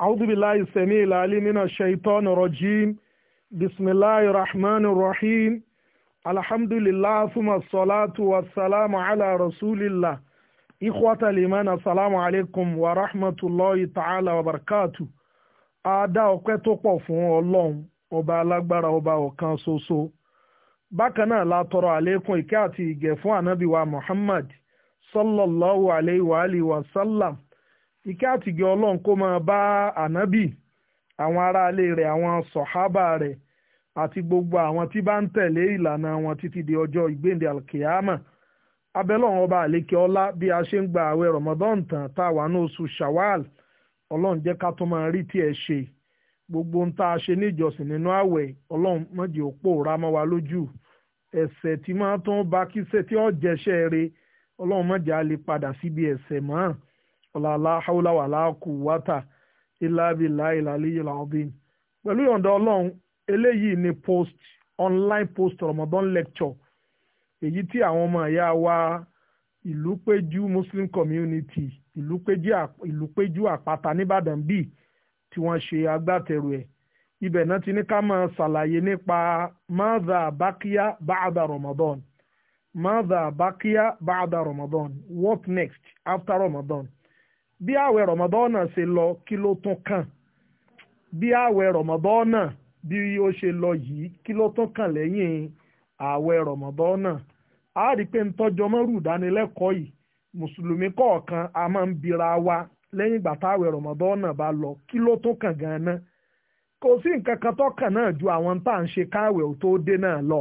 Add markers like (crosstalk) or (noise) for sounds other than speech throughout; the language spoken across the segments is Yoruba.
أعوذ بالله السميع العليم من الشيطان الرجيم بسم الله الرحمن الرحيم الحمد لله ثم الصلاة والسلام على رسول الله إخوة الإيمان السلام عليكم ورحمة الله تعالى وبركاته àádá ọpẹ́ tó pọ̀ fún ọlọ́run ọba alágbára ọba ọ̀kan ṣoṣo bákan náà la tọrọ àlékún ìkẹ́ àti ìgẹ̀ fún ànábì wa ìkẹ́ àtìgẹ́ ọlọ́run kó máa bá ànábì àwọn aráalé rẹ̀ àwọn sọ̀hábà rẹ̀ àti gbogbo àwọn tí bá ń tẹ̀lé ìlànà wọn títí di ọjọ́ ìgbéǹde alkiyama abẹ́lọ́run ọba àlékè ọlá bí a ṣe ń gba àwẹ̀ ramadan tán tá a wà ní oṣù shawal ọlọ́run jẹ́ ká tó máa rí tiẹ̀ ṣe gbogbo ń tá a ṣe níjọsìn nínú àwẹ̀ ọlọ́run mọ̀jẹ̀ òpó ramọ́ wa lójú ẹ̀ṣẹ̀ tí máa tún bá kí ṣe tí ó re ọlọ́run mọ̀jẹ̀ á lè padà síbi ẹ̀ṣẹ̀ mọ́ ọ̀làlá haúlá wà láàkú wátà ìlàbílà ìlàlíyìí làbín pẹ̀lú yọ̀ǹda ọlọ́run eléyìí ni post online post Ramadan lecture èyí tí àwọn ọmọ ẹ̀yà wa ìlúpéjú muslim community ìlúpéjú àpáta nìbàdàn bíi tí wọ́n ṣe agbátẹrù ẹ̀ ibẹ̀ náà ti ní ká máa ṣàlàyé nípa maza bakia baada Ramadan maza bakia baada Ramadan what next after Ramadan bí ààwẹ̀ rọ̀mọ́dọ́nà ṣe lọ kí ló tún kàn bí ààwẹ̀ rọ̀mọ́dọ́nà ṣe lọ yìí kí ló tún kàn lẹ́yìn ààwẹ̀ rọ̀mọ́dọ́nà a rí pé ntọ́jọ́ mọ́rù yìí mùsùlùmí kọ̀ọ̀kan a máa ń bira wa lẹ́yìn ìgbà táàwẹ̀ rọ̀mọ́dọ́nà bá lọ kí ló tún kàn gan náà ju àwọn tá à ṣe ò tó dé náà lọ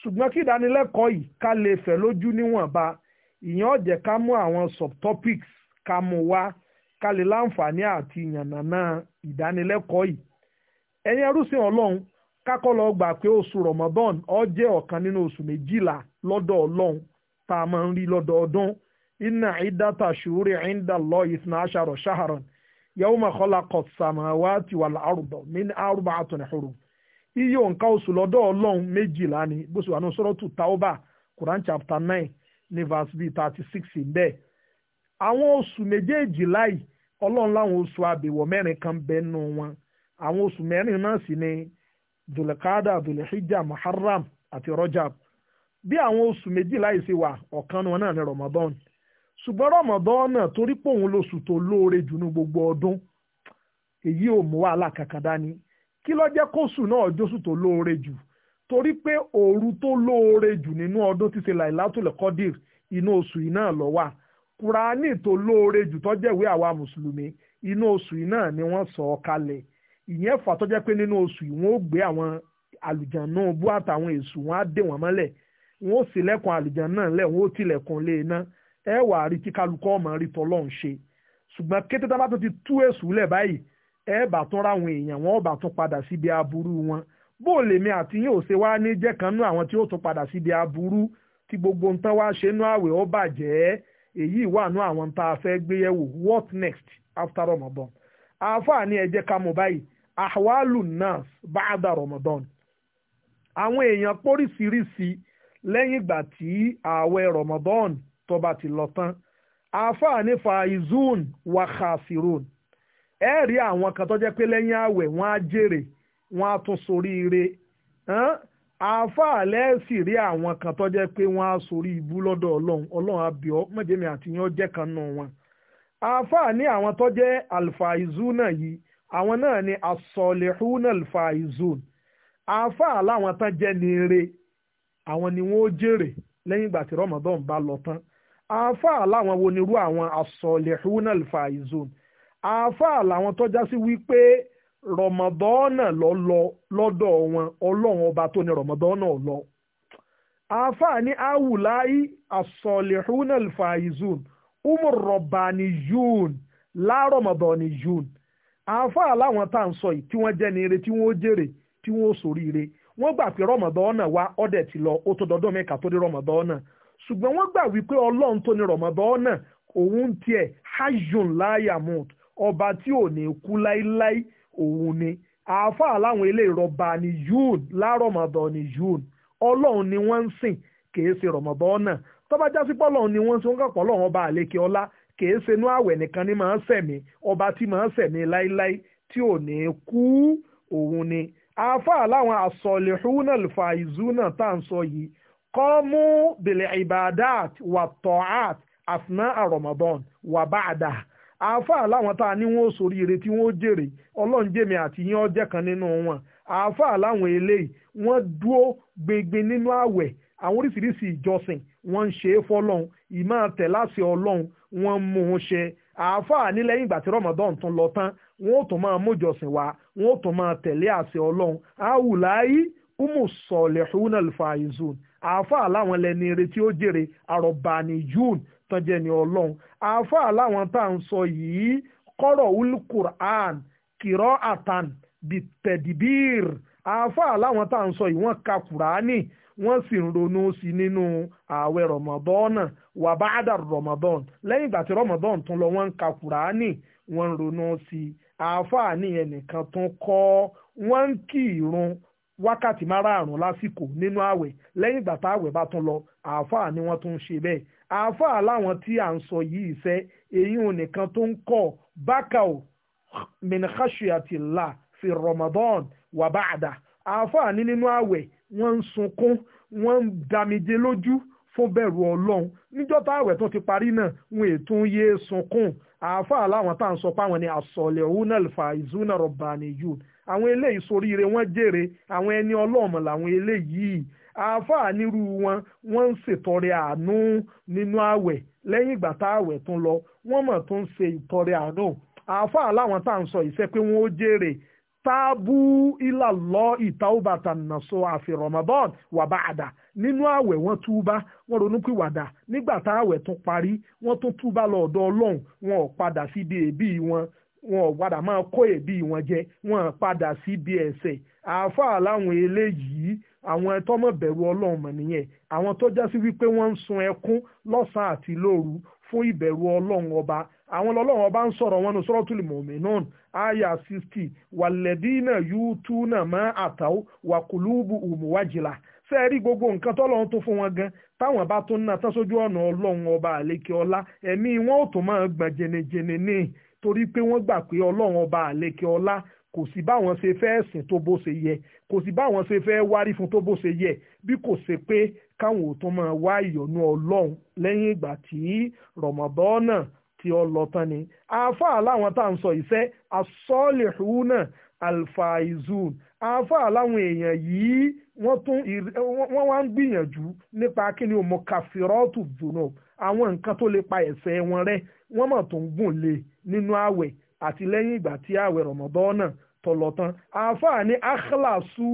ṣùgbọ́n kí ìdánilẹ́kọ̀ọ́ yìí lójú níwọ̀nba ìyẹn ká mú subtopics ka mú wá ká a láǹfààní àti yànnàná ìdánilẹ́kọ̀ọ́ yìí ẹ̀yin ẹrúsìn ọlọ́run kákọ́ lọ gbà pé oṣù Ramadan ó jẹ́ ọ̀kan nínú oṣù méjìlá lọ́dọ̀ ọlọ́run tá a máa ń rí lọ́dọọdún inna inda Allahi ithna ashara min arba'atin hurum iye òǹkà oṣù lọ́dọ̀ ọlọ́run méjìlá ni bó ṣe wà ní sọ́rọ́tù Tauba Quran chapter nine ní verse bíi àwọn oṣù méjèèjì láì ọlọ́run láwọn oṣù àbẹ̀wọ̀ mẹ́rin kan bẹ́ nù wọn àwọn oṣù mẹ́rin náà sì ni dùlẹ̀kádà dùlẹ̀híjà muharram àti rọ́jàb bí àwọn oṣù méjìlá yìí ṣe wà ọ̀kan wọn náà ni ramadan ṣùgbọ́n ramadan náà torí pé òun lóṣù tó lóore jù ní gbogbo ọdún èyí ò mú wàhálà kankan dání kí ló jẹ́ kóṣù náà jóṣù tó lóore jù torí pé òru tó lóore jù nínú ọdún ti ṣe làìlátùlẹ̀ inú oṣù yìí náà ló wà Kurani tó lóore jù tó jẹ́ ìwé àwa mùsùlùmí inú oṣù yìí náà ni wọ́n sọ ọ́ kalẹ̀ ìyẹn fà tó jẹ́ pé nínú oṣù yìí wọ́n ó gbé àwọn àlùjàn náà bú àtàwọn èṣù wọn á dè wọ́n mọ́lẹ̀ wọ́n ó sì lẹ́kùn àlùjàn náà lẹ̀ wọ́n ó tilẹ̀kùn lé iná e ẹ wàá rí tí kálukọ́ ọmọ rí tọ́lọ́run ṣe ṣùgbọ́n kété tá bá tó ti tú èṣù lẹ̀ báyìí ẹ bá tún ráwọn èèyàn wọn ó bá tún padà síbi aburú wọn bó lèmi àti yín ò ṣe wá ní jẹ́ àwọn tí ó tún padà síbi aburú tí gbogbo nǹkan wá ṣe nú àwẹ̀ ó bàjẹ́ èyí wà nú àwọn tá a fẹ́ gbé yẹ̀wò what next after Ramadan àáfàá ni ẹ ká mọ̀ báyìí ahwalu nas ba'da Ramadan àwọn èèyàn póríṣiríṣi lẹ́yìn ìgbà tí ààwẹ̀ Ramadan tó bá ti lọ tán àáfàá ní faizun wa khasirun ẹ rí àwọn kan tó jẹ́ pé lẹ́yìn ààwẹ̀ wọ́n á jèrè wọ́n á tún soríire àáfàá lẹ́ẹ̀sì rí àwọn kan tó jẹ́ pé wọ́n á sorí ibú lọ́dọ̀ ọlọ́run ọlọ́run àbíọ́ mọ̀jẹ̀mí àti yan jẹ́ kan náà wọn. àáfàá ní àwọn tó jẹ́ alfaizuna yìí àwọn náà ni asọ̀lẹ̀húnà alfaizun àáfàá láwọn tán jẹ́ ní eré àwọn ni wọ́n jèrè lẹ́yìn ìgbà tí ramadan bá lọ tán àáfàá láwọn wo nirú àwọn asọ̀lẹ̀húnà alfaizun àáfàá làwọn tó já sí wípé rọmọdọ́nà lọ lọ lọ́dọ̀ wọn ọlọ́run ọba tó ní rọmọdọ́nà lọ. àáfàá ní awùláyí asọ̀lẹ̀hún alfaizun umar rọ̀bàní yún lárọ̀mọdọ́ni yún. àáfàá láwọn tá à ń sọ yìí tí wọ́n jẹ́ ní ire tí wọ́n jèrè tí wọ́n sòrí ire wọ́n gbà pé rọmọdọ́nà wa ọ̀dẹ̀ ti lọ ó tó dọ́dọ̀ mẹ́ka tó dé rọmọdọ́nà ṣùgbọ́n wọ́n gbà wípé ọlọ́run tó ní rọmọdọ́nà òun tiẹ̀ hajjun láyàmùt ọba òun ni àáfàá láwọn ilé ìrọba ni yún lárọ̀mọ̀dọ̀ ni yún ọlọ́run ni wọ́n ń sìn kìí ṣe rọ̀mọ̀dọ̀ náà tọ́ba jásí pọ́lọ́run ni wọ́n ń sìn wọ́n kàpọ̀ lọ́run ọba àlekè ọlá kìí ṣe inú àwẹ̀ nìkan ni màá sẹ̀mí ọba tí màá sẹ̀mí láíláí tí ò ní kú òun ni àáfàá láwọn àsọ̀lẹ̀húnà fàìzúnà tá à ń sọ yìí kọ́mú bìlẹ̀ ìbàdàt wà tọ́àt àfúná àrọ̀mọ̀dọ̀n wà báàdà àáfàá láwọn tá a ní wọn ò ṣoríire tí wọn ó jèrè ọlọ́run jèmi àti yín ọjẹ́ kan nínú wọn àáfàá láwọn eléyìí wọ́n dúó gbingbin nínú ààwẹ̀ àwọn oríṣiríṣi ìjọsìn wọ́n ń ṣe é fọ́lọ́run ìmọ̀ tẹ̀láṣẹ ọlọ́run wọ́n ń mú un ṣe àáfàá ní lẹ́yìn ìgbà tí rọmọdán tún lọ tán wọ́n ó tún máa mójọsìn wá wọ́n ó tún máa tẹ̀lé àṣẹ ọlọ́run àwùláyí umu sọ̀lẹ̀ húnà àáfàá láwọn lẹni eré ó jèrè àrọ̀bàní june tọ́jẹ́ ni ọlọ́run àáfàá láwọn tá à ń sọ yìí kọ́rọ̀ ul Qur'an kìrọ́ àtàn bìtẹ̀dìbìr àáfàá láwọn tá à ń sọ yìí wọ́n ka kùránì wọ́n sì ń ronú sí nínú ààwẹ̀ rọ̀mọ̀dọ́nà wà bá àdà rọ̀mọ̀dọ́n lẹ́yìn ìgbà tí rọ̀mọ̀dọ́n tún lọ wọ́n ń ka kùránì wọ́n ń ronú sí àáfàá nìyẹn nìkan tún kọ́ wọ́n ń kí wákàtí márààrún lásìkò nínú ààwẹ̀ lẹ́yìn ìgbà tá ààwẹ̀ bá tún lọ àáfàá ni wọ́n tún ń ṣe bẹ́ẹ̀ àáfàá láwọn tí à ń sọ yìí ṣe èyí ò nìkan tó ń kọ bákàó minhashiatillah fi Ramadan wàbáàdà àáfàá ní nínú ààwẹ̀ wọ́n ń sunkún wọ́n ń damijé lójú fún bẹ̀rù ọlọ́run níjọ́ tá àwẹ̀ tó ti parí náà wọn ètò ń yé sunkún àáfàá láwọn tá à ń sọ pé àwọn ni àsọ̀lẹ̀ òun àlùfà ìzúná rọ̀bà nìyú àwọn eléyìí soríire wọ́n jèrè àwọn ẹni ọlọ́ọ̀mọ̀ làwọn eléyìí àáfàá nírú wọn wọ́n ń ṣètọrẹ àánú nínú ààwẹ̀ lẹ́yìn ìgbà tá ààwẹ̀ tún lọ wọ́n mọ̀ tó ń ṣe ìtọrẹ àánú àáfàá láwọn tá à ń sọ ìṣẹ́ pé wọ́n ó jèrè tábú ilà lọ ìtàwùbàtà nàṣọ àfi Ramadan wà bá àdà nínú ààwẹ̀ wọ́n túbá wọ́n ronúpìwàdà nígbà tá ààwẹ̀ tún parí wọ́n tún túbá lọ ọ̀dọ̀ wọn ò padà síbi èébì wọn wọn ò padà máa kó èébì wọn jẹ wọn padà síbi ẹ̀ṣẹ̀ àáfàá láwọn eléyìí àwọn tó mọ̀ bẹ̀rù ọlọ́run mọ̀ nìyẹn àwọn tó já sí wípé wọ́n ń sun ẹkún lọ́sàn-án àti lóru fún ìbẹ̀rù ọlọ́run ọba àwọn ọlọ́run ọba ń sọ̀rọ̀ wọn ní suratul mu'minun aya sixty walladina yutuna ma ataw wa kulubu umuwajila fẹ́ẹ́ rí gbogbo nǹkan tọ́lọ́run tó fún wọn gan táwọn bá tún ná tán sójú ọ̀nà ọlọ́run ọba àlékè ọlá ẹ̀mí wọn ò tó máa gbọ̀n jẹnejẹne ní torí pé wọ́n gbà pé ọlọ́run ọba àlékè ọlá kò sí báwọn ṣe fẹ́ sìn tó bó ṣe yẹ kò sí báwọn ṣe fẹ́ wárí fún tó bó ṣe yẹ bí kò ṣe pé káwọn ò máa wá ìyọ́nú ọlọ́run lẹ́yìn ìgbà tí rọ̀mọ̀dọ́nà tí ó tán ni àáfàá láwọn tá à ń sọ iṣẹ́ asọ́lẹ̀húnà alfaizun àáfàá láwọn èèyàn yìí wọ́n tún wọ́n wá ń gbìyànjú nípa kíni o mọ̀kàfírọ́ọ̀tù dùnú àwọn nǹkan tó lè pa ẹ̀ṣẹ̀ wọn rẹ́ wọ́n mọ̀ tó ń gùn lé nínú ààwẹ̀ àti lẹ́yìn ìgbà tí ààwẹ̀ rọ̀mọ̀dọ́nà tọ̀lọ̀tán àáfàá akhlasu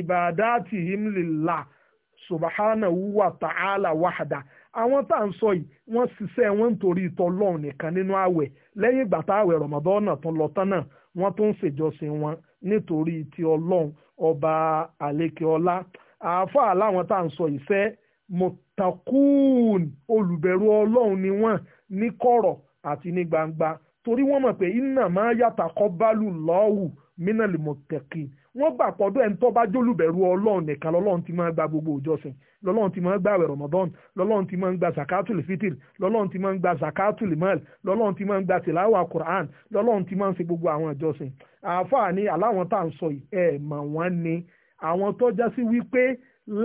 ibadatihim lillah subhanahu wa ta'ala wahda àwọn tá à ń sọ yìí wọ́n ṣiṣẹ́ wọn nítorí tọlọ́run nìkan nínú ààwẹ̀ lẹ́yìn ìgbà táàwẹ̀ rọ̀mọ̀dọ́nà tọ̀lọ̀tán náà wọ́n tún ń ṣèjọsìn wọn nítorí ti ọlọ́run ọba àlékeọlá àáfàá láwọn tá à ń sọ ìfẹ́ mọ̀tàkùn olùbẹ̀rù ọlọ́run ni wọ́n ní kọ̀rọ̀ àti ní gbangba torí wọ́n mọ̀ pé iná máa yàtà kọ́ bálù lọ́wù mínà lè mọ̀ tẹ̀kì wọ́n gbà pọ̀dọ̀ ẹni tó bá jólùbẹ̀rù ọlọ́run nìkan lọ́lọ́run ti máa gba gbogbo òjọsìn lọ́lọ́run ti máa gba àwẹ̀ rọ̀mọ́dọ́n lọ́lọ́run ti máa gba zakatul fitil lọ́lọ́run ti máa gba zakatul mal lọ́lọ́run ti máa gba tìláwà quran lọ́lọ́run ti máa ṣe gbogbo àwọn ìjọsìn àáfàá ni aláwọn tá à ń sọ ẹ̀ mà wọ́n ni àwọn tó já wípé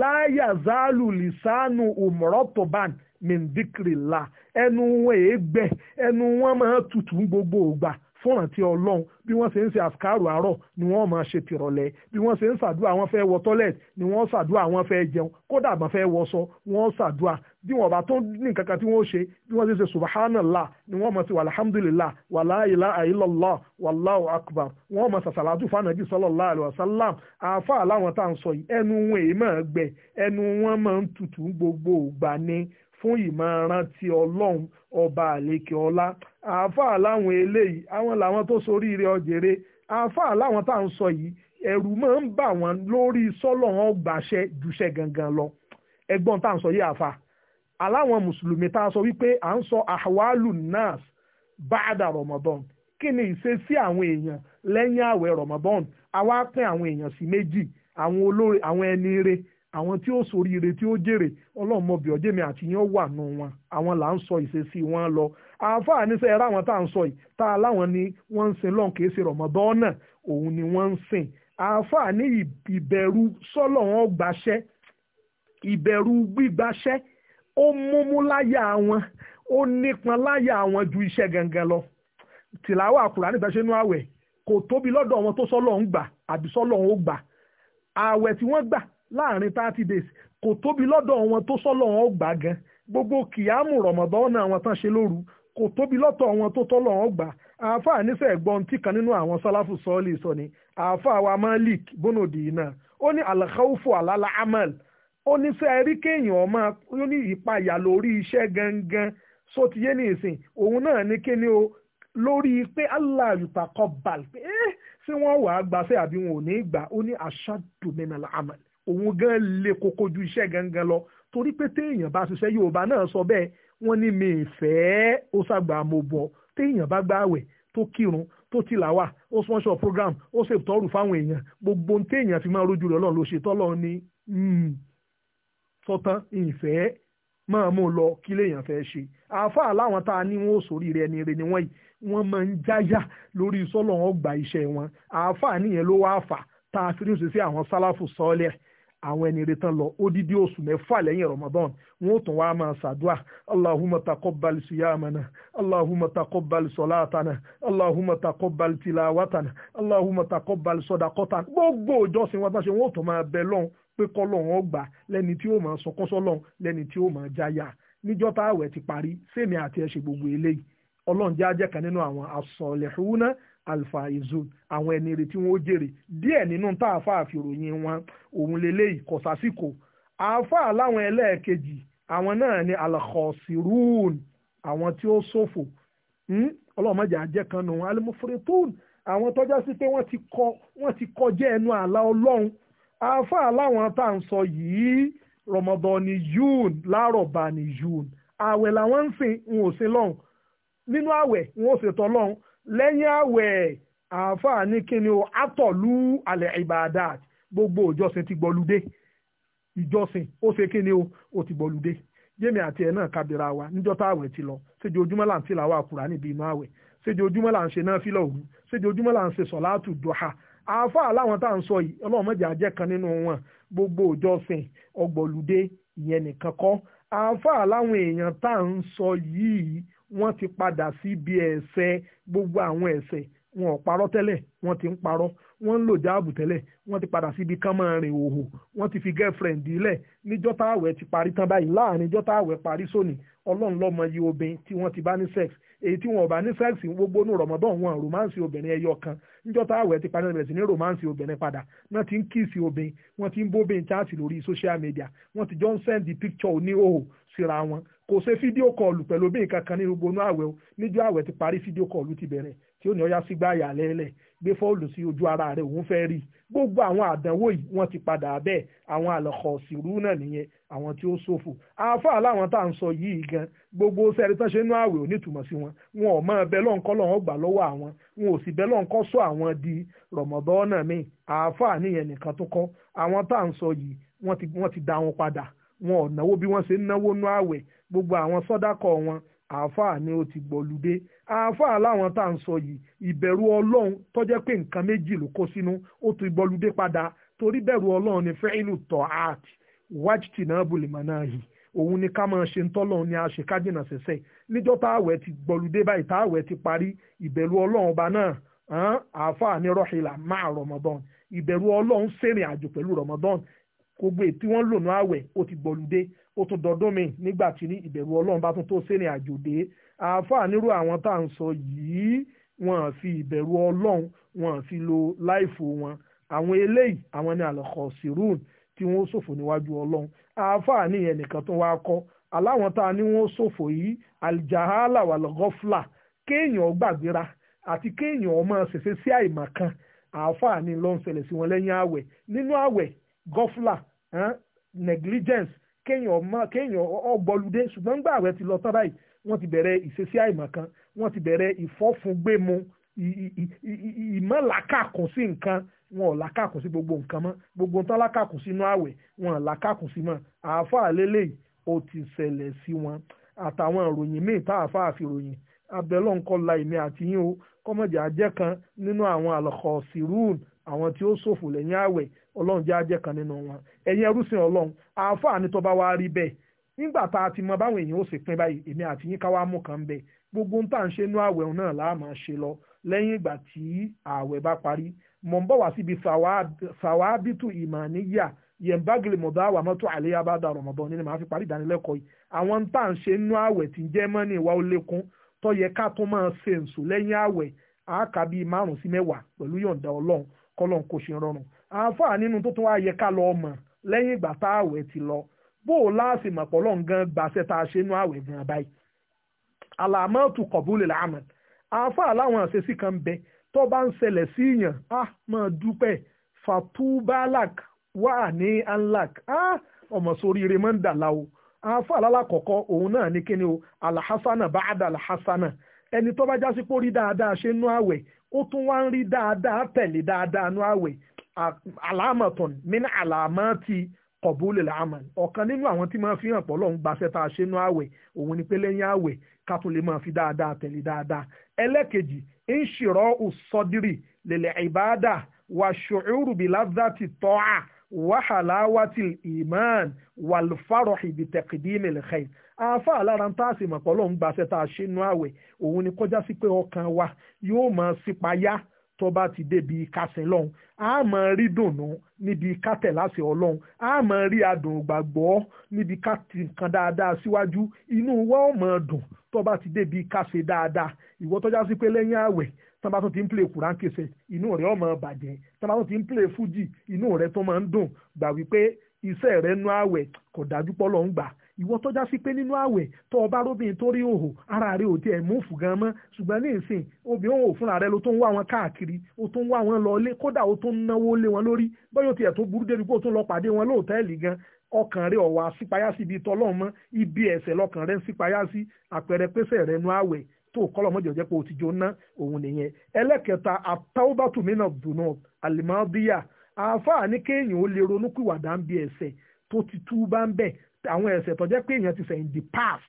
láyà zálù lìsánù òmùrọ̀tọ̀bán mìndíkìrìlà ẹnu wọn èégbẹ ẹnu wọn máa tutù gbogbo ògbà fúnrántí ọlọ́run bí wọ́n ṣe ń ṣe àṣkárò àárọ̀ ni wọ́n máa ṣe tìrọ̀lẹ́ bí wọ́n ṣe ń ṣàdúrà wọn fẹ́ wọ tọ́lẹ̀t ni wọ́n ṣàdúrà wọn fẹ́ jẹun kódà àgbọn fẹ́ wọṣọ wọ́n ṣàdúrà bí wọ́n bá tó ní nǹkan kan tí wọ́n ṣe bí wọ́n ṣe ṣe subahánàlá ni wọ́n máa ṣe wà alhamdulillah wà láàyèlá àìlọ́lá wàláhù akbar wọ́n máa ṣàṣàlátù fànàbí sọlọ́lá àlùwàsálàm àáfà láwọn tá à ń sọ yìí ẹnu wọn èyí máa gbẹ ẹnu wọn máa ń tutù gbogbo ìgbà ni fún ìmọ̀ràn ìmọ̀rántí ọlọ́run ọba àlekè ọlá àáfàá láwọn eléyìí àwọn làwọn tó soríire ọjèrè àáfàá láwọn tá à ń sọ yìí ẹ̀rù máa ń bà wọ́n lórí sọ́lọ́run ọgbàṣẹ jùṣẹ́ gangan lọ ẹgbọ́n tá à ń sọ yìí àáfàá aláwọn mùsùlùmí tá a sọ wípé à ń sọ ahwalu nas báàdà ramadan kí ni ìṣesí àwọn èèyàn lẹ́yìn àwẹ̀ ramadan àwa pín àwọn èèyàn sí méjì àwọn olórí àwọn ẹni rere àwọn tí ó ṣoríire tí ó jèrè ọlọ́run mọ bí ọjẹ́ mi àti yẹn wà nù wọn àwọn là ń sọ ìṣesí wọn lọ àáfàá níṣẹ́ ẹ̀rọ àwọn tá à ń sọ yìí tá a láwọn ni wọ́n ń sin lọ́n kìí ṣe rọ̀mọ́dọ́nà òun ni wọ́n ń sìn àáfàá ní ìbẹ̀rù sọ́lọ̀ wọn gbaṣẹ́ ìbẹ̀rù gbígbaṣẹ́ ó múmú láyà wọn ó nípọn láyà wọn ju iṣẹ́ gangan lọ tìlàwọ̀ àkùrà níta ṣe nú àwẹ̀ kò tóbi lọ́dọ̀ wọn tó sọ́lọ̀ ń gbà àbí sọ́lọ̀ ń gbà àwẹ̀ tí wọ́n gbà láàrin thirty days kò tóbi lọ́dọ̀ wọn tó sọ́lọ̀ wọn ó gbà gan gbogbo kìámù rọ̀mọ̀dọ́ náà wọn tán ṣe lóru kò tóbi lọ́tọ̀ wọn tó tọ́lọ̀ wọn ó gbà àáfàá nífẹ̀ẹ́ gbọ́n tí kan nínú àwọn sálàfù sọ́ọ́lì sọ ni àáfàá wa Malik bónòdì náà ó ní alakawufo alala amal ó ní sẹ́ rí kéèyàn ọmọ ó ní ìpayà lórí iṣẹ́ gangan só ti yé ní ìsìn òun náà ní kíni o lórí pé Allah yùtàkọ́ bal pé eh, ṣé wọ́n wàá gbà sí àbí wọn ò ní gbà ó ní aṣáàdùmínà amal òun gan le koko ju iṣẹ́ gangan lọ torí pé téèyàn bá ṣiṣẹ́ Yorùbá náà sọ bẹ́ẹ̀ wọ́n ní mi ìfẹ́ ó ṣàgbà mo bọ̀ téèyàn bá gbààwẹ̀ tó kírun tó tìlàwà ó sponsor program ó ṣe tọrù fáwọn èèyàn gbogbo téèyàn fi máa rojú rẹ̀ Ọlọ́run ló ṣe tọ́lọ́ ni hmm. sọtán ìfẹ́ máa mú lọ kí léèyàn fẹ́ ṣe àáfàá láwọn tá a ní wọn ò sórí rẹ ni rẹ ni wọn yìí wọn máa ń jáyà lórí sọlọ wọn gba iṣẹ́ wọn àáfàá nìyẹn ló wá fà tá a fi ní òṣìṣẹ́ àwọn sálàfù sọ́ọ́lẹ̀ àwọn ẹni retán lọ odidi oṣù mẹ́fà lẹ́yìn ramadan wọn ò tún wá máa ṣàdúà allahumma taqabbal siyamana allahumma taqabbal solatana allahumma taqabbal tilawatana allahumma taqabbal sodakotana gbogbo ìjọsìn wọn táṣe wọn ò tún máa bẹ lọ́hùn pé kọ́lọ́hùn ọgbà lẹ́ni tí ó máa sọkọ́ sọ́lọ́hùn lẹ́ni tí ó máa jáyà níjọ́ tá àwẹ̀ ti parí sèmi àti ẹ̀ṣẹ̀ gbogbo eléyìí ọlọ́run jẹ́ ajẹ́kan nínú àwọn asọ̀lẹ̀húnà alfaizun àwọn ẹni rẹ̀ tí wọ́n ó jèrè díẹ̀ nínú tá àfa àfìròyìn wọn òun lélẹ́yìí kò sásìkò àfa láwọn ẹlẹ́ẹ̀kejì àwọn náà ni alkhosirun àwọn tí ó ṣòfò hmm? ọlọ́mọdé àjẹkánu alimufretun àwọn tọ́já sí pé wọ́n ti kọ wọ́n ti kọjá ẹnu àlá ọlọ́run àfa láwọn tá à ń sọ yìí rọmọdọ́ni yún lárọ̀bà ni yún àwẹ̀ làwọn ń sìn ń ò sìn lọ́hùn nínú àwẹ̀ ń ò sètò ọlọ́run lẹ́yìn àwẹ̀ àáfàá ní kíni o atọ̀lú alẹ́ gbogbo ìjọsìn ti gbọ́lúdé ìjọsìn ó ṣe kíni o ti gbọ́lúdé jẹ́mi àti ẹ̀ náà kábìrà wa níjọ́ tá àwẹ̀ ti lọ ṣèjọ́júmọ́ là ń tìlà wà níbi inú àwẹ̀ là ń ṣe náà òru là ń ṣe tá à ń sọ yìí gbogbo ìjọsìn ìyẹn nìkan kọ́ èèyàn tá à ń wọ́n ti padà síbi ẹ̀ṣẹ̀ gbogbo àwọn ẹ̀ṣẹ̀ wọn ò parọ́ tẹ́lẹ̀ wọ́n ti ń parọ́ wọ́n ń lò jáàbù tẹ́lẹ̀ wọ́n ti padà síbi kán máa rìn òhò wọ́n ti fi girlfriend ilẹ̀ níjọ́ táwẹ̀ ti parí tán báyìí láàrin níjọ́ táwẹ̀ parí sóni ọlọ́run lọ́mọ yìí obìnrin tí wọ́n ti bá ní sex èyí tí wọ́n ò bá ní sex gbogbo ní rọ̀mọ́dọ̀ wọn romance obìnrin ẹyọ kan níjọ́ táwẹ̀ ti parí bẹ̀rẹ̀ sí ní romance obìnrin padà wọ́n ti ń kíìsì obìnrin wọ́n ti ń bóbìnrin chat lórí social media wọ́n ti jọ ń send picture oníhòhò síra wọn kò ṣe fídíò kọlù pẹ̀lú obìnrin kankan ní rúgbónú àwẹ̀ o níjọ́ àwẹ̀ ti parí fídíò kọlù ti bẹ̀rẹ̀ tí ó ní ọyá sígbà àyà lẹ́lẹ̀ gbé fọ́ọ̀lù sí ojú ara rẹ̀ òun fẹ́ rí gbogbo àwọn àdánwò yìí wọ́n ti padà bẹ́ẹ̀ àwọn àlọ́kọ̀ òsìrú náà nìyẹn àwọn tí ó ṣòfò àáfà láwọn tá à ń sọ yìí gan gbogbo sẹ́ẹ̀rí tán ṣe nú àwẹ̀ onítùmọ̀ sí wọn wọn ò mọ bẹ́ẹ̀ lọ́nkọ́ lọ́wọ́ gbà lọ́wọ́ àwọn wọn ò sì bẹ́ẹ̀ lọ́nkọ́ sọ àwọn di rọ̀mọ̀dọ́ náà míì àáfà nìyẹn nìkan tó kọ́ àwọn tá à ń sọ yìí wọ́n ti dá wọn padà wọn ò náwó bí wọ́n ṣe ń náwó nú àwẹ̀ gbogbo àwọn sọ́dákọ̀ wọn àáfàá ni ó ti gbọ̀lùdé àáfàá láwọn tá à ń sọ yìí ìbẹ̀rù ọlọ́run tó jẹ́ pé nǹkan méjì ló kó sínú ó ti gbọ̀lùdé padà torí bẹ̀rù ọlọ́run ni fẹ́ẹ́lù tọ́ art wájìtì náà bùlìmọ̀ náà yìí òun ni ká máa ṣe ń tọ́lọ̀ ni a ṣe kájìnà sẹ́sẹ́ níjọ́ táwẹ̀ ti gbọ̀lùdé báyìí táwẹ̀ ti parí ìbẹ̀rù ọlọ́run ọba náà àáfàá ni rọ́ṣìlà máa rọmọdán ìbẹ̀rù ọlọ́run sẹ́rìn àjò pẹ̀lú rọmọdán gbogbo ètí wọ́n lò ní àwẹ̀ ó ti gbọ̀lùdé ó tún dọdún mi nígbà tí ìbẹ̀rù ọlọ́run bá tún tó sẹ́ni àjòdè àáfàá nírú àwọn tá à ń sọ yìí wọ́n fi ìbẹ̀rù ọlọ́run wọ́n fi lo láìfò wọn àwọn eléyìí àwọn ní àlọ́kọ̀ sírùn tí wọ́n ṣòfò níwájú ọlọ́run àáfàá ní ẹnìkan tó wá kọ́ aláwọn tá a ní wọ́n ṣòfò yìí aljahala wà lọ́gọ́fla kéèyàn gbàgbéra àti kéèyàn ọmọ ṣẹṣẹ sí àìmọ̀ kan àáfàá ní ló sí wọn lẹ́yìn àwẹ̀ nínú àwẹ̀ gọ́fúlà eh, negligence kéèyàn ọmọ kéèyàn ọgbọ́lùdé ṣùgbọ́n gbà àwẹ̀ ti lọ tán báyìí wọ́n ti bẹ̀rẹ̀ ìṣesí àìmọ̀kan wọ́n ti bẹ̀rẹ̀ ìfọ́fúngbẹ́mu ìmọ̀ làkàkùn sí nǹkan wọn ò làkàkùn sí gbogbo nǹkan mọ́ gbogbo nǹkan làkàkùn sínú àwẹ̀ wọn ò làkàkùn sí mọ́ àáfàá lélẹ́yìí ó ti ṣẹlẹ̀ sí wọn àtàwọn ìròyìn míì tá àáfàá fi ròyìn abẹ́lọ́nkọ́lá èmi àti yín o kọ́mọ̀jà jẹ́ kan nínú àwọn àlọ́kọ̀ sírùn àwọn tí ó ṣòfò lẹ́yìn àwẹ̀ ọlọ́run jẹ́ ajẹ́ kan nínú wọn ẹ̀yin ẹrúsìn ọlọ́run àáfàá ni tó wa wá rí bẹ́ẹ̀ nígbà tá a ti mọ báwọn èèyàn ó sì pín báyìí èmi àti yín ká wá mú kan bẹ́ẹ̀ gbogbo ń tà ń ṣe nú ààwẹ̀ náà la máa ṣe lọ lẹ́yìn ìgbà tí ààwẹ̀ bá parí mọ̀ ń bọ̀ wá síbi sàwábìtù ìmàníyà yẹ̀ǹbágìlì mọ̀dá àwọn àmọ́tò àléyà bá da ọ̀rọ̀mọ̀dọ́ nínú màá fi parí ìdánilẹ́kọ̀ọ́ yìí àwọn tá à ń ṣe nú ààwẹ̀ tí ń jẹ́ mọ́nì ìwà ó lékún tó yẹ ká tó máa ṣe ǹsù lẹ́yìn ààwẹ̀ àáka bíi márùn-ún sí mẹ́wàá pẹ̀lú yọ̀ǹda ọlọ́run kọ́lọ́run kò ṣe rọrùn àáfàá nínú tó tún wá yẹ ká lọ mọ̀ lẹ́yìn ìgbà tá àwẹ̀ ti lọ bó o láàsì mọ̀ pọ̀ lọ́n gan gbàṣẹ́ tá a ṣe nú àwẹ̀ gan báyìí. àlàmọ́tù kọ̀bùlẹ̀ làmọ̀ àáfàá láwọn àṣesí kan bẹ tó bá ń ṣẹlẹ̀ sí yàn á máa dúpẹ́ fatubalak wà ní anlak á ọmọ sóríire máa ń dà láwo àáfàá lálàkọ̀kọ́ òun náà ní kíni o alahasana ba'ada alahasana ẹni tó bá jásí pé ó rí dáadáa ṣe nú àwẹ̀ ó tún wá ń rí dáadáa tẹ̀lé dáadáa nú àwẹ̀ alámọ̀tàn min alámọ̀tì kọ̀bùlẹ̀ làmọ̀ ọ̀kan nínú àwọn tí máa fi hàn pọ̀ lọ́hún gbaṣẹ́ tá a ṣe nú àwẹ̀ òun ni pé lẹ́yìn àwẹ̀ ká tún lè máa fi dáadáa tẹ̀lé dáadáa ẹlẹ́kejì ń ṣèrọ́ òsọdírì lèlẹ̀ ìbáàdà wà ṣòro bìlázàtì tọ́à wàhálàwàtì ìmán wàlúfàrọ̀ ìbìtẹ̀kìdìmẹ̀ lẹ́kẹ̀ẹ́ àáfà alára ń tààsì mọ̀pọ̀ lọ́hún gbaṣẹ́ tá a ṣe nú àwẹ̀ òun ni kọjá sí pé ọkàn wa yóò máa sípayá tó bá ti débi kásẹ̀ lọ́hùn a máa rí dùnú níbi kátẹ̀ láṣẹ ọlọ́hun a máa rí adùn gbàgbọ́ níbi kátì nǹkan dáadáa síwájú inú wa ó máa dùn tó bá ti débi kásẹ̀ dáadáa ìwọ tó já sí pé lẹ́yìn àwẹ̀ tán bá tún ti ń play kuran kese inú rẹ̀ ó bàjẹ́ tán bá tún ti ń play fuji inú rẹ̀ tó máa ń dùn gbà wípé iṣẹ́ rẹ̀ nú àwẹ̀ kò dájú pọ́ lọ́hùn gbà ìwọ tó já sí pé nínú ààwẹ̀ tó ọba róbìn tó rí òhò ara rẹ ò tiẹ̀ mú fù gan mọ́ ṣùgbọ́n ní ìsìn obìnrin òhò fúnra rẹ ló tó ń wá wọn káàkiri ó tó ń wá wọn lọ lé kódà ó tó ń náwó lé wọn lórí bóyá tiẹ̀ tó burú débi pé ó tún lọ pàdé wọn lóòtẹ́ẹ̀lì gan ọkàn rẹ ọ̀wà sípayá síbi tọ́lọ́mọ́ ibi ẹ̀sẹ̀ lọkàn rẹ ń sípayá sí àpẹẹrẹ pẹ́sẹ̀ rẹ nu ààwẹ̀ tó kọlọmọdé o ti jó ná òun nìyẹn ẹlẹ́kẹta àtàwọ́bàtúmínà dùnà àlìmọ́bíyà àáfàá ní kéèyàn ó lè ronúkúwàdà ń tó ti tú ń bẹ̀ àwọn ẹ̀ṣẹ̀ tó jẹ́ pé èèyàn ti ṣẹ̀ the past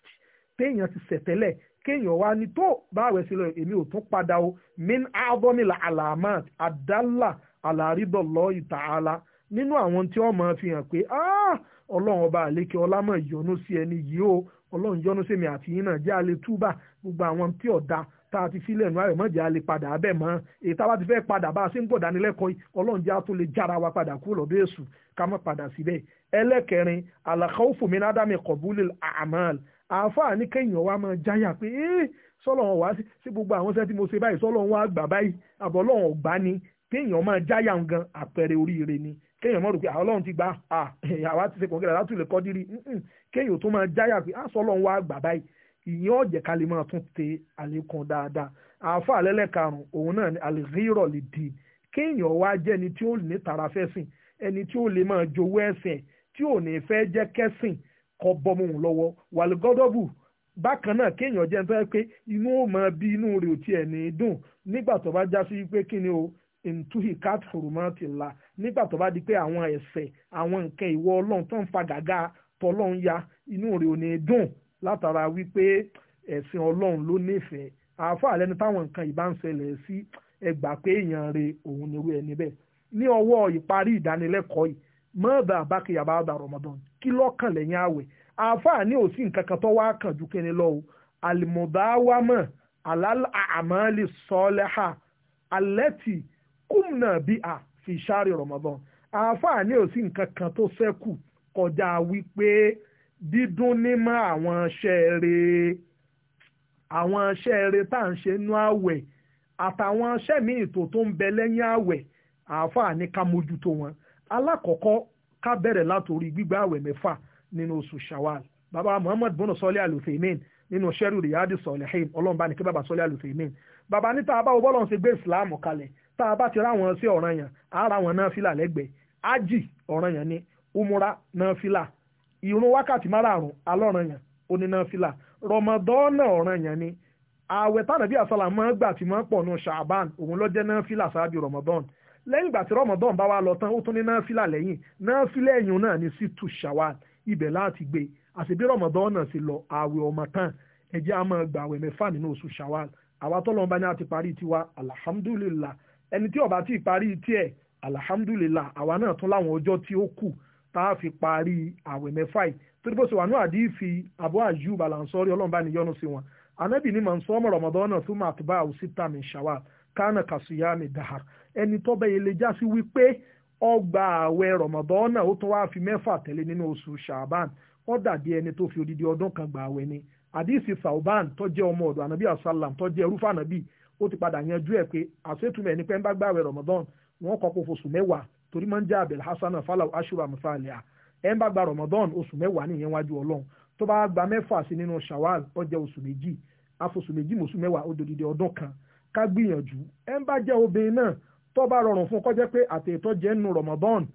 téèyàn ti ṣẹ̀ tẹ́lẹ̀ kéèyàn wá ní tó báwẹ̀ sí lọ èmi ò tún padà o min albomila alamat adala alaridọ lọ ìtàhálà nínú àwọn tí wọ́n máa fi hàn pé ah, ọlọ́run ọba àlékè ọlámọ̀ ìyọ́nú sí ẹni yìí o ọlọ́run yọ́nú sí mi àti yín náà jẹ́ àlè túbà gbogbo àwọn tí ọ̀dà tá a ti filẹ̀ nù àrẹ̀mọ́ jẹ́ a lè padà abẹ́ mọ́ èyí tá a bá ti fẹ́ padà bá a ṣe ń gbọ̀dá nílẹ́kọ̀ọ́ ọlọ́run jẹ́ a tó lè jára wa padà kúrò lọ́dọ̀ èṣù ká má padà síbẹ̀ ẹlẹ́kẹrin alakawufu mi náà dàmí kọ̀búlì amal àáfàá ní kéèyàn wa máa jáyà pé sọlọ́run wá sí gbogbo àwọn sẹ́tí mo ṣe báyìí sọlọ́run wá gbà báyìí àbọ̀lọ́run ọ̀gbá ni kéèyàn máa jáyà gan àpẹẹrẹ oríire ni kéèyàn mọ̀ rò pé ọlọ́run ti gba àwa ti ṣe kọ̀ọ̀kẹ́rẹ́ látùlẹ̀ kọ́dírí kéèyàn tó máa jáyà pé sọlọ́run wá gbà báyìí ìyẹn ọ̀jẹ̀ ká lè máa tún te àlékún dáadáa àáfà alẹ́lẹ̀ karùn-ún òun náà ni àlèhírọ̀ lè di kéèyàn wá jẹ́ ẹni tí ó ní tara fẹ́sìn ẹni tí ó lè máa jowó ẹ̀sìn tí ò ní fẹ́ jẹ́ kẹ́sìn kọ́ bọ́mọ òun lọ́wọ́ wàlúgọ́dọ́bù bákan náà kéèyàn jẹ́ nítorí pé inú ò mọ bí inú rẹ̀ ò tiẹ̀ ní dùn nígbà tó bá já sí pé kí ni o ntuhi kat hurumati la nígbà tó bá di pé àwọn ẹ̀ṣẹ̀ àwọn nǹkan ìwọ ọlọ́run tó ń fa gàgà tọ́lọ́run ya inú rẹ̀ ò ní dùn látara wípé ẹ̀sìn ọlọ́run ló nífẹ̀ẹ́ àáfàá lẹni táwọn nǹkan ìbá ń ṣẹlẹ̀ sí ẹgbà pé èèyàn re òun nírú ẹni bẹ́ẹ̀ ní ọwọ́ ìparí ìdánilẹ́kọ̀ọ́ yìí mọ́ọ̀dà àbákẹ́yàbá ọ̀dà rọmọdán kí lọ́kàn lẹ́yìn àwẹ̀ àáfàá ní òsì nǹkan kan tó wá kàn ju kíni lọ o àlìmọ̀dáwámọ̀ àmọ́lẹ̀ sọ́lẹ́hà alẹ́tì kùmnà bí a fi ṣáàrì rọmọdán àáfàá ní òsì nǹkan kan tó ṣẹ́kù kọjá wípé dídún nímọ̀ àwọn ṣẹ́ẹ̀rẹ́ àwọn ṣẹ́ẹ̀rẹ́ tá à ń ṣe nú àwẹ̀ àtàwọn ṣẹ́ míì tó tó ń bẹ lẹ́yìn àwẹ̀ àáfàá ní ká mójútó wọn alákọ̀ọ́kọ́ ká bẹ̀rẹ̀ látòrí gbígbà àwẹ̀ mẹ́fà nínú oṣù shawal bàbá muhammad bono sọlẹ alufemin nínú sẹ́rù riyadi sọlẹ̀hìn ọlọ́mba ní kí bàbá sọlẹ alufemin bàbá níta bá wo bọ́lọ̀ ṣe gbé ìsìláàmù kalẹ̀ tá a bá ti rá wọn sí ọ̀ranyàn ara wọn náà fìlà lẹ́gbẹ̀ẹ́ ájì ọ̀ranyàn ni umura náà fìlà ìrun wákàtí márààrún alọ́ranyàn onínàfílà rọmọdọ́nà ọ̀ranyàn ni ààwẹ̀ tánàbí àsálà máa gbà tí máa pọ̀ nù ṣàbán òun ló jẹ́ náfílà ṣáájú rọmọdọ́n lẹ́yìn ìgbà tí rọmọdọ́n bá wá lọ tán ó tún ní náfílà lẹ́yìn náfílà ẹ̀yìn náà ni sítù ṣàwán ibẹ̀ láti gbé àṣebí rọmọdọ́n náà sì lọ ààwẹ̀ ọmọ tán ẹjẹ́ a máa gbà àwẹ̀ mẹ́fà nínú oṣù ṣàwán àwa tọ́lọ́mọba alhamdulillah ẹni tí ó alhamdulillah àwa náà tún tá fi parí àwẹ̀ mẹ́fà yìí torí bó ṣe wà ní àdìfi Abu Ayyub Al-Ansari ọlọ́run bá ní yọ́nú sí wọn anabi ni man soma Ramadana thumma atba'ahu sitta min Shawwal kana kasiyami dahar ẹni tó bẹ́ẹ̀ yẹn lè já sí wípé ọgbà àwẹ̀ Ramadana ó tún wá fi mẹ́fà tẹ̀lé nínú oṣù Sha'ban ó dàbí ẹni tó fi odidi ọdún kan gbà àwẹ̀ ni àdìsí Sauban tó jẹ́ ọmọ ọ̀dọ̀ anabi asalam tó jẹ́ irúfà anabi ó ti padà yanjú ẹ̀ pé àṣetúmẹ̀ ní pẹ́ńbàgbà àwẹ̀ Ramadan wọ́n kọ́ kó fosùn mẹ́wàá torí máa ń jẹ́ abel hasan falaw ashura musalia ẹ̀ ń bá gba ramadan oṣù mẹ́wàá nìyẹn wájú ọlọ́run tó bá gba mẹ́fà sí nínú shawal ó jẹ́ oṣù méjì afọṣù méjì mọ̀ṣù mẹ́wàá ó dodidi ọdún kan ká gbìyànjú ẹ̀ ń bá jẹ́ obìnrin náà tó bá rọrùn fún kó pé àti jẹ́ nínú ramadan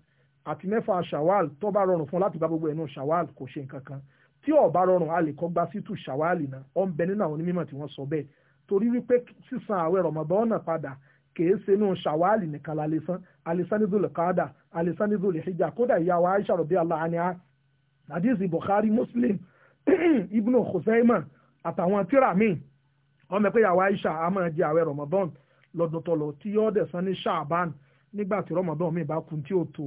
àti mẹ́fà shawal tó bá rọrùn fún láti bá gbogbo ẹ̀nu shawal kò ṣe nǹkan kan tí ó bá rọrùn a lè kọ́ gba sítù shawal náà ó ń bẹ nínú àwọn onímọ̀ tí wọ́n sọ bẹ́ẹ̀ torí wípé sísan àwẹ̀ ramadan náà padà kìí ṣe inú ṣàwálì nìkan la lè san alisan nidul kada alisan nidul kódà ìyá wa aisha rọ̀bí aláàánìá hadithi bukhari muslim (clears throat) ibnu khuzaima àtàwọn tíra míì ọmọ ẹ̀pẹ́ ìyá wa aisha a máa jẹ àwẹ̀ ramadan lọ́dún tọ́lọ̀ tí yóò dẹ̀ san ní ṣaaban nígbà tí ramadan mi bá kun tí ó tó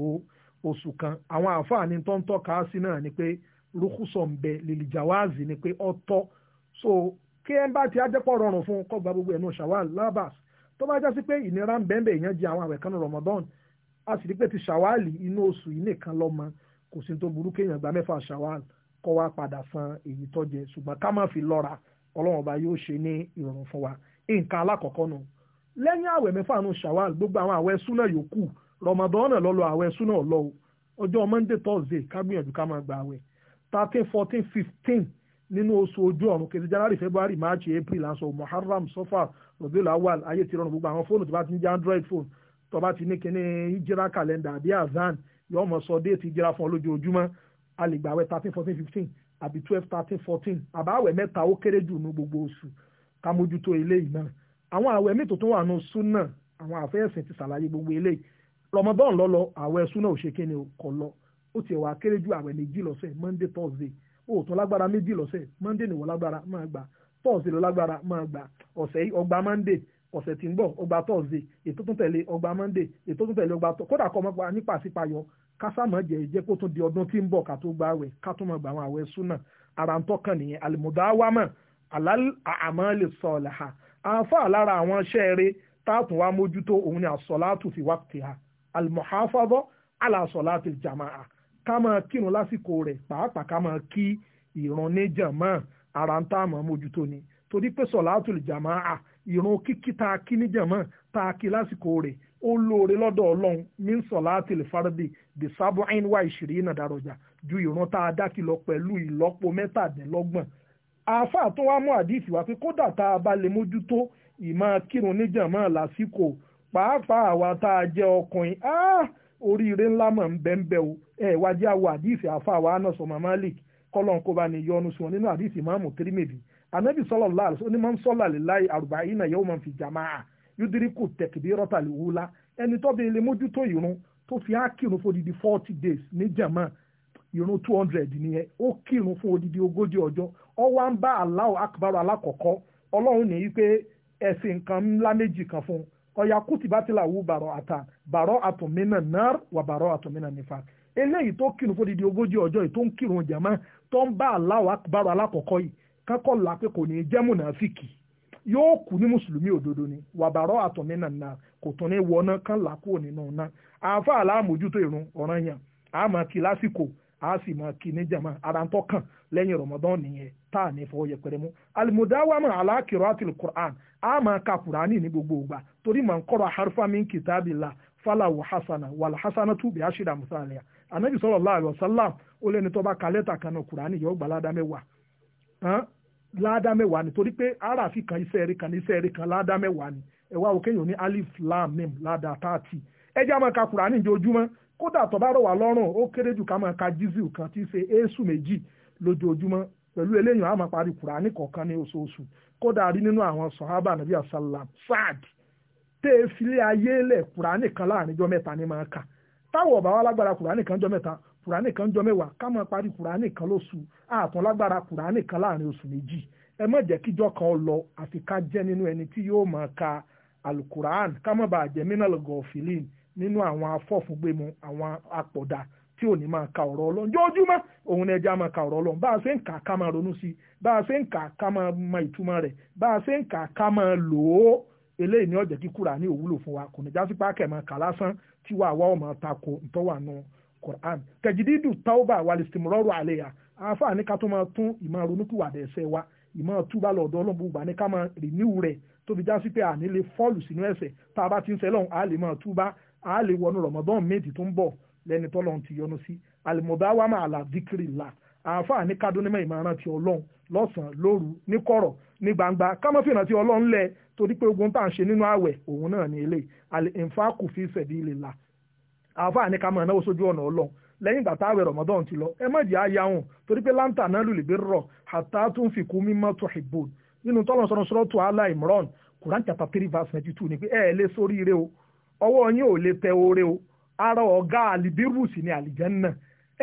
oṣù kan àwọn àǹfààní tó ń tọ́ka sí náà ni pé rúkúsọ̀ bẹ lìlìjàwáàzì ni pé ọ̀tọ̀ so kí ẹ bá ti ajẹ́pọ̀ rọrùn fún kọ́ gba gbogbo ẹ̀ náà ṣàwáàlì lábàs tó bá jásí pé ìnira ń bẹ́ẹ̀ bẹ́ẹ̀ èèyàn àwọn àwẹ̀ kan ní Ramadan a sì rí pé ti ṣàwálì inú oṣù yìí nìkan lọ́mọ kò sí tó burú kéèyàn gba mẹ́fà ṣàwálì kọ́ wa padà san èyí tó jẹ ṣùgbọ́n ká má fi lọ́ra ọlọ́run ọba yóò ṣe ní ìrọ̀rùn fún wa nǹkan alákọ̀ọ́kọ́ nù lẹ́yìn àwẹ̀ mẹ́fà nù ṣàwálì gbogbo àwọn àwẹ̀ súnà yòókù Ramadan náà lọ́lọ́ àwẹ̀ súnà ọlọ́wọ́ ọjọ́ Monday Thursday ká gbìyànjú ká máa gba àwẹ̀ thirteen fourteen fifteen nínú oṣù ojú ọ̀run kejì january february march april aṣọ muharram safar rabiul awal ayé ti rọrùn gbogbo àwọn fóònù tó bá ti ń jẹ́ android phone tó bá ti ní kíní hijira calendar àbí azan yóò mọ̀ sọ déètì hijira fún ọ lójoojúmọ́ thirteen fourteen fifteen àbí twelve thirteen fourteen àbáwẹ̀ mẹ́ta ó kéré jù nínú gbogbo oṣù ká mójútó eléyìí náà àwọn àwẹ̀ mí tuntun wà nù súnà àwọn àfẹ́sìn ti ṣàlàyé gbogbo eléyìí rọmọdán lọ́lọ́ àwẹ̀ súnà ò ṣe kíni lọ ó ti wà kéré jù àwẹ̀ méjì lọ́sẹ̀ monday thursday òòtún lágbára méjì lọ́sẹ̀ monday nìwọ lágbára máa gbà thursday lọ lágbára máa gbà ọ̀sẹ̀ yìí ọgbà monday ọ̀sẹ̀ tí ń bọ̀ ọgbà thursday ètò tún tẹ̀lé ọgbà monday ètò tún tẹ̀lé ọgbà kódà kọ́ ọmọkùnrin nípa àṣìpayọ kásámọ̀ jẹ́ ìjẹ́ kó tún di ọdún tí ń bọ̀ ká tó gba àwẹ̀ ká tún máa gba àwọn àwẹ̀ súnà ara ń tọ́kàn nìyẹn àlùmọ̀dáwámọ̀ wa mójútó òun ni àsọ̀látù fi ká máa kírun lásìkò rẹ̀ pàápàá ká máa kí ìran níjàmọ́ ara ń tá àmọ́ mójútó ni torí pé sọ̀látùl jàmáà ìrun kíkí tá a kí níjàmọ́ tá a kí lásìkò rẹ̀ ó lóore lọ́dọ̀ ọlọ́run min sọ̀látìlì fárẹ́dì bí sábọ̀ àìníwá ìṣìrí iná dàrọ̀jà ju ìran tá a dákì lọ pẹ̀lú ìlọ́po mẹ́tàdínlọ́gbọ̀n. àáfà tó wá mú àdìsí wá pé kódà tá a bá lè mójútó ìmọ̀ kírun níjàmọ́ lásìkò pàápàá àwa tá a jẹ́ ọkùnrin oríire ńlá mọ̀ ń bẹ́ o ẹ wájú àwọ̀ àdìsí àfàwọ̀ anas mamalik kọ́lọ́n kó bá ní yọnu sí wọn nínú àdìsí anabi sọlọ láàlú ní ń sọlọ àlèláì àrùbá yìí náà yẹ́wò fi jamaa yudiriku wúlá ẹni ilé mójútó tó fi á days ní two hundred ó kírun fún odidi ogójì ọjọ́ ọ wá ń bá alákọ̀ọ́kọ́ ọlọ́run ní ọ̀yà kùtìbátìlà wù bàrọ̀ àtà bàrọ̀ àtùmínà náà wà bàrọ̀ àtùmínà nífà eléyìí tó kírun fún odidi ogójì ọjọ́ yìí tó ń kírun jàmá tó ń bá Allahu Akbar alákọ̀ọ́kọ́ yìí kákọ́ là pé kò ní í jẹ́ mùnàfíkì yóò kú ní mùsùlùmí òdodo ni wàbàrọ̀ àtọ̀mínà náà kò tún ní wọná kán là nínú náà àáfà aláàmójútó ìrun ọ̀ranyàn àmọ́ kí lásìkò a sì máa kí ní jàmá ara ń tọ́kàn lẹ́yìn Ramadan nìyẹn tá à ní fọwọ́ yẹpẹrẹ mú. alimudawama alakiro atil quran a máa ka kurani ní gbogbo ìgbà torí màá ń kọ́ra harfa min kitabillah falawo hasana wal hasana tu bi ashira musaliya anabi sallallahu alaihi wasallam ó lẹ́ni tó bá ka lẹ́tà kan náà kurani yóò gba ládàá mẹ́wàá ládàá ni torí pé aráàfin kan iṣẹ́ eré kan iṣẹ́ eré kan ládàá mẹ́wàá ni ẹ̀wá òkèèyàn ní alif lam mim ládàá tààtì ẹjẹ́ àmọ́ ka kurani jojúmọ́ kódà tó bá rọ̀ wá lọ́rùn ó kéré jù ká máa ka jísù kan tí í ṣe éésù méjì lójoojúmọ́ pẹ̀lú eléyìí á máa parí kùránì kọ̀ọ̀kan ní oṣooṣù kódà rí nínú àwọn sọ̀hábà nàbí àṣàlà sáàd tẹ́ ẹ filé ayé lẹ̀ kùránì kan láàrin jọ mẹ́ta ní máa kà táwọn ọ̀bà wa lágbára kùránì kan jọ mẹ́ta kùránì kan jọ mẹ́wàá ká máa parí kùránì kan lóṣù àtún lágbára kùránì kan láàrin oṣù méjì ẹ má jẹ́ kíjọ́ kan lọ àfi ká jẹ́ nínú ẹni tí yóò máa ka alukur'an ká má bàa jẹ́ minal gọ̀ọ́fìlín nínú àwọn afọ́fúngbẹ́mu àwọn apọ̀dà tí ò ní máa ka ọ̀rọ̀ ọlọ́run jọjúmọ́ òun ni ẹja máa ka ọ̀rọ̀ ọlọ́run bá a ṣe ń kà ká máa ronú sí i bá a ṣe ń kà ká máa mọ ìtumọ̀ rẹ̀ bá a ṣe ń kà ká máa lò ó eléyìí ní ọ̀jẹ̀ kí Kùránì òwúlò fún wa kò ní jásí pákẹ́ máa kà lásán tí wàá wá ọmọ tako ntọ́wà nù Quran kẹjìdídù tauba walistimrọ́rù àlẹ́yà a lè wọnú Ramadan méjì tó ń bọ̀ lẹ́ni tọ́lọ́run ti yọ́nú sí àlùmọ̀bá wa máa là díkìrì là àáfàá ní kádónímọ̀ ìmọ̀ràn ti ọlọ́run lọ́sàn-án lóru ní kọ̀rọ̀ ní gbangba kámọ́fìnà ti ọlọ́run lẹ̀ torí pé ogun tá à ń ṣe nínú ààwẹ̀ òun náà ní ilé àlìǹfà kù fi ìfẹ̀dí ilé là àáfàá ní kámọ́ náà sójú ọ̀nà ọlọ́run lẹ́yìn ìgbà táwẹ̀ Ramadan ti lọ ẹ má jẹ́ àyàwọ̀n torí pé láǹtà náà lù lìbí rọ̀ àtà tún fi kú mímọ́ tó ìbò nínú tọ́lọ̀ sọ́nà sọ́rọ́ tó Al Imran Quran chapter three verse ninety two ni pé ẹ ẹ lé sórí ire o ọwọ́ yín ò lè tẹ oore o ara ọ̀gá àlìbírù sì ni àlìjẹ́nà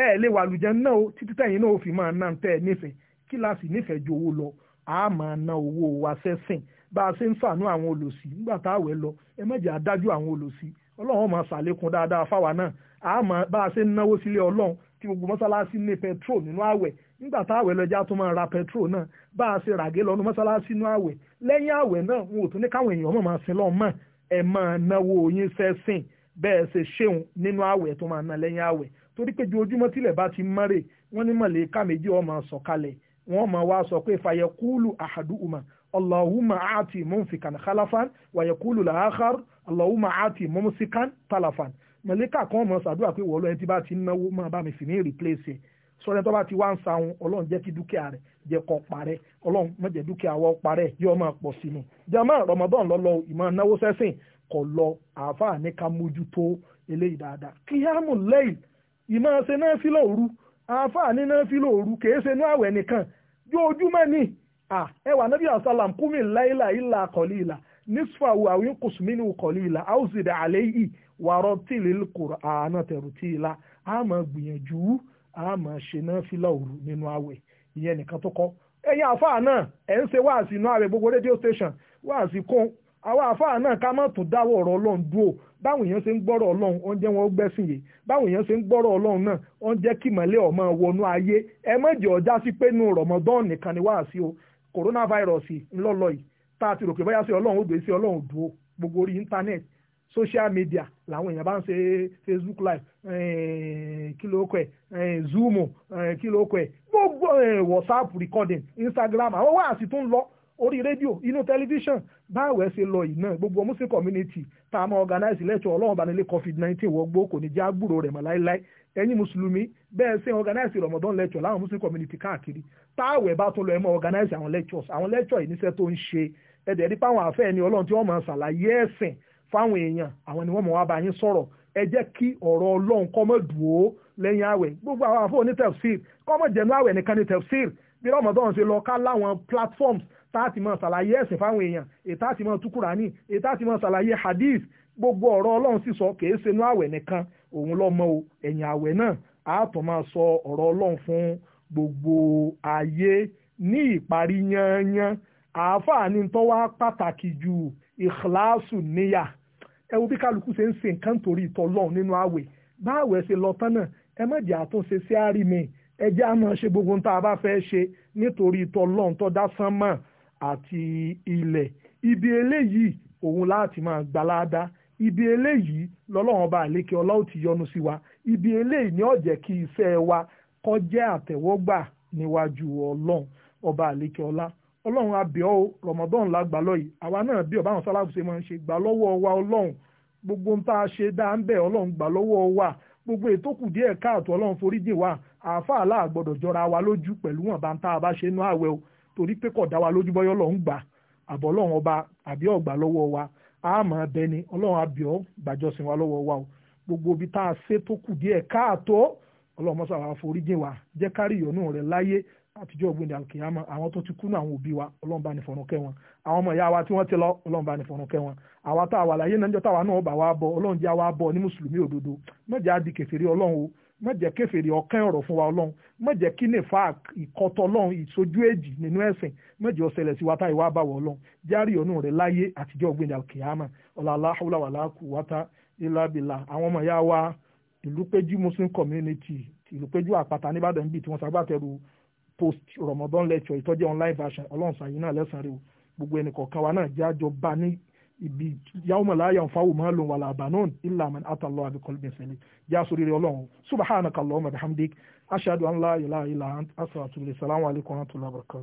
ẹ lè wà àlìjẹ́nà o títí tẹ̀yìn náà ó fi máa ná tẹ́ ẹ nífẹ̀ẹ́ kíláàsì nífẹ̀ẹ́ ju owó lọ a máa ná owó wa sẹ́sìn bá a ṣe ń ṣàánú àwọn olòṣì nígbà tá a wẹ̀ lọ ẹ má jẹ́ adájú àwọn olòṣì ọlọ́run máa ṣàlékún dáadáa fáwa náà a máa bá a ṣe ń náwó sílé ọlọ́run tí gbogbo mọ́sálásí ní pẹtrol nínú àwẹ̀ nígbà tá àwẹ̀ lọ́jà tó máa ra pẹtrol náà bá a ṣe ràgé lọ́nu mọ́sálásí nínú àwẹ̀ lẹ́yìn àwẹ̀ náà n ò tún ní káwọn èèyàn mọ̀ máa sin lọ́ọ́ mọ́ ẹ máa náwó yín sẹ́sìn bẹ́ẹ̀ ṣe ṣéun nínú àwẹ̀ tó máa ná lẹ́yìn àwẹ̀ torí pé ojoojúmọ́ tílẹ̀ bá ti mọ́rè wọ́n ní mọ̀lẹ́ká méjì ó máa sọ̀kalẹ̀ wọ́n máa wá sọ pé fàyẹ̀kúlù àhàdùmá allahumma aati mumfikan khalafan wàyẹ̀kúlù làákàr allahumma aati mumsikan talafan mọ̀lẹ́ká kan máa ṣàdúrà pé wọ́ọ́lọ́ ẹni tí bá ti náwó máa bá mi fi ní replace sọ́dẹ̀ tó bá ti wá ń sahun ọlọ́run jẹ́ kí dúkìá rẹ̀ jẹ́ kó parẹ́ ọlọ́run má jẹ́ dúkìá wa parẹ́ yóò máa pọ̀ sí ni jama ramadan lọ́lọ́ ìmọ̀ náwó sẹ́sìn kọ̀ lọ àáfàá ní ká mójútó eléyìí dáadáa kíámù lẹ́yìn ìmọ̀ ṣe náà fi lóoru àáfàá ní náà fi lóoru kèé ṣe ní àwẹ̀ nìkan jóojúmọ́ ni ẹwà nabi asalam kúmi láìla ìlà àkọ́lé ìlà nisfahu àwìn kùsùmínú a máa ṣe na òru nínú àwẹ̀ ìyẹn nìkan tó kọ́ ẹ̀yin àfáà náà ẹ̀ ń ṣe wáàsí inú àwẹ̀ gbogbo rédíò station wáàsí kún àwọn àfáà náà ká má tún dáwọ́ ọ̀rọ̀ ọlọ́run dúró báwọn èèyàn ṣe ń gbọ́rọ̀ ọlọ́run ó wọn gbesinye gbẹ́sìn yìí báwọn èèyàn ṣe ń gbọ́rọ̀ ọlọ́run náà ó ń jẹ́ kí ọmọ wọnú ayé ẹ ọjà sí pé o coronavirus ńlọ́lọ́ yìí tá a ti rò pé báyà sí social media làwọn èèyàn bá ń ṣe facebook live eh, kí ló kọ ẹ eh, zoom eh, kí ló kọ ẹ gbogbo whatsapp recording instagram àwọn wáàsí tó ń lọ orí rédíò inú tẹlifíṣàn báwẹ̀ ṣe lọ yìí náà gbogbo muslim community tá a máa organize lẹ́tọ̀ ọlọ́run bá covid nineteen wọgbó kò ní já gbúrò rẹ̀ mọ́ láéláé ẹ̀yin mùsùlùmí bẹ́ẹ̀ ṣe organize ramadan lecture láwọn muslim community káàkiri táwẹ̀ bá tún lọ ẹ̀ mọ́ organize àwọn lectures àwọn lecture yìí níṣẹ́ tó ń ṣe ẹ̀dẹ̀ rí páwọn àfẹ́ ẹni ọlọ́run tí wọ́n máa ṣàlàyé ẹ̀sìn fáwọn èèyàn àwọn ni wọ́n mọ̀ wá bá yín sọ̀rọ̀ ẹ jẹ́ kí ọ̀rọ̀ ọlọ́run kó má dúró lẹ́yìn àwẹ̀ gbogbo àwọn àfọwọ́ ní tefsir kó má jẹ̀nu nìkan ní tefsir bí rọmọdọ́n ṣe lọ ká láwọn platforms táàtì mọ̀ ṣàlàyé ẹ̀sìn fáwọn èèyàn ètàtì mọ̀ tukurani ètàtì mọ̀ ṣàlàyé hadith gbogbo ọ̀rọ̀ ọlọ́run sì sọ kèé ṣe inú àwẹ̀ nìkan òun lọ́mọ o ẹ̀yìn àwẹ̀ náà a tún máa sọ ọ̀rọ̀ ọlọ́run fún gbogbo ayé ní ìparí yányán àáfàá ni tó pàtàkì ju ìkíláàsù níyà ẹ wo bí kálukú ṣe ń ṣe nǹkan torí ìtọ́lọ́run nínú àwẹ̀ báwẹ̀ ṣe lọ tán náà ẹ má jẹ́ àtúnṣe sí àrími ẹ jẹ́ àmọ́ ṣe gbogbo ohun tá a bá fẹ́ ṣe nítorí ìtọ́lọ́run tó dá sánmà àti ilẹ̀ ibi eléyìí òun láti máa gbalada ibi eléyìí lọ́lọ́run ọba àlékè ọlọ́run ti yọ́nú sí wa ibi eléyìí ni ó jẹ́ kí iṣẹ́ wa kó àtẹ̀wọ́gbà níwájú ọlọ́run ọba àlékè ọlá ọlọ́run abẹ́ ọ rọmọdọ́n lágbàá àwa náà bí ọba àwọn sálábùsẹ̀ máa ń ṣe gbà lọ́wọ́ wa ọlọ́run gbogbo ń tá a ṣe dá ń bẹ̀ ọlọ́run gbà lọ́wọ́ wa gbogbo ètò kù díẹ̀ káàtó ọlọ́run foríjì àáfàá jọra wa lójú pẹ̀lú wọn bá ń tá a bá ṣe inú àwẹ̀ o torí pé wa lójú bọ́yọ́ ọba àbí ọ̀gbà lọ́wọ́ wa ọlọ́run àbíọ́ gbàjọsìn wa wa o gbogbo ibi tá a ṣe díẹ̀ káàtó ọlọ́run wa jẹ́ àtijọ́ ògbóǹde àkìyàmọ́ àwọn tó ti kú náà àwọn òbí wa ọlọ́run bá ní fọ̀run kẹ́ wọn àwọn ọmọ ìyá wa tí wọ́n ti lọ ọlọ́run ní fọ̀run kẹ́ àwa tá a wà láyé náà ń jọ táwa náà bá wa bọ̀ ọlọ́run jẹ́ wa bọ̀ ní mùsùlùmí òdodo má jẹ́ á di kèfèrí ọlọ́run o má jẹ́ kèfèrí ọ̀kẹ́ ọ̀rọ̀ fún wa ọlọ́run má jẹ́ kí ní fa ìkọ́tọ̀ ọlọ́run ìsojú èjì nínú ẹ̀sìn má jẹ́ ó ṣẹlẹ̀ sí wa táyì wá báwọ̀ ọlọ́run járí ọ̀nù rẹ̀ láyé àtijọ́ ògbéǹde àkìyàmọ́ ọ̀làlá húláwàlá kù wátá ìlàbìlà àwọn ọmọ ìyá wa muslim community ìlúpéjú àpáta nìbàdàn bíi tí wọ́n ṣagbátẹrù post Ramadan lecture ìtọ́jú online version ọlọ́run sàyìn náà lẹ́sàn-án rẹ o gbogbo ẹnì kọ̀ọ̀kan wa náà jẹ́ àjọ bá ní ibi yawma la yanfa'u malun wala banun illa man ata Allah bi qalbin salim jẹ́ àsorí rẹ ọlọ́run subhanaka Allahumma bihamdik ashhadu an la ilaha illa anta astaghfiruka wa atubu ilayk assalamu alaykum wa rahmatullahi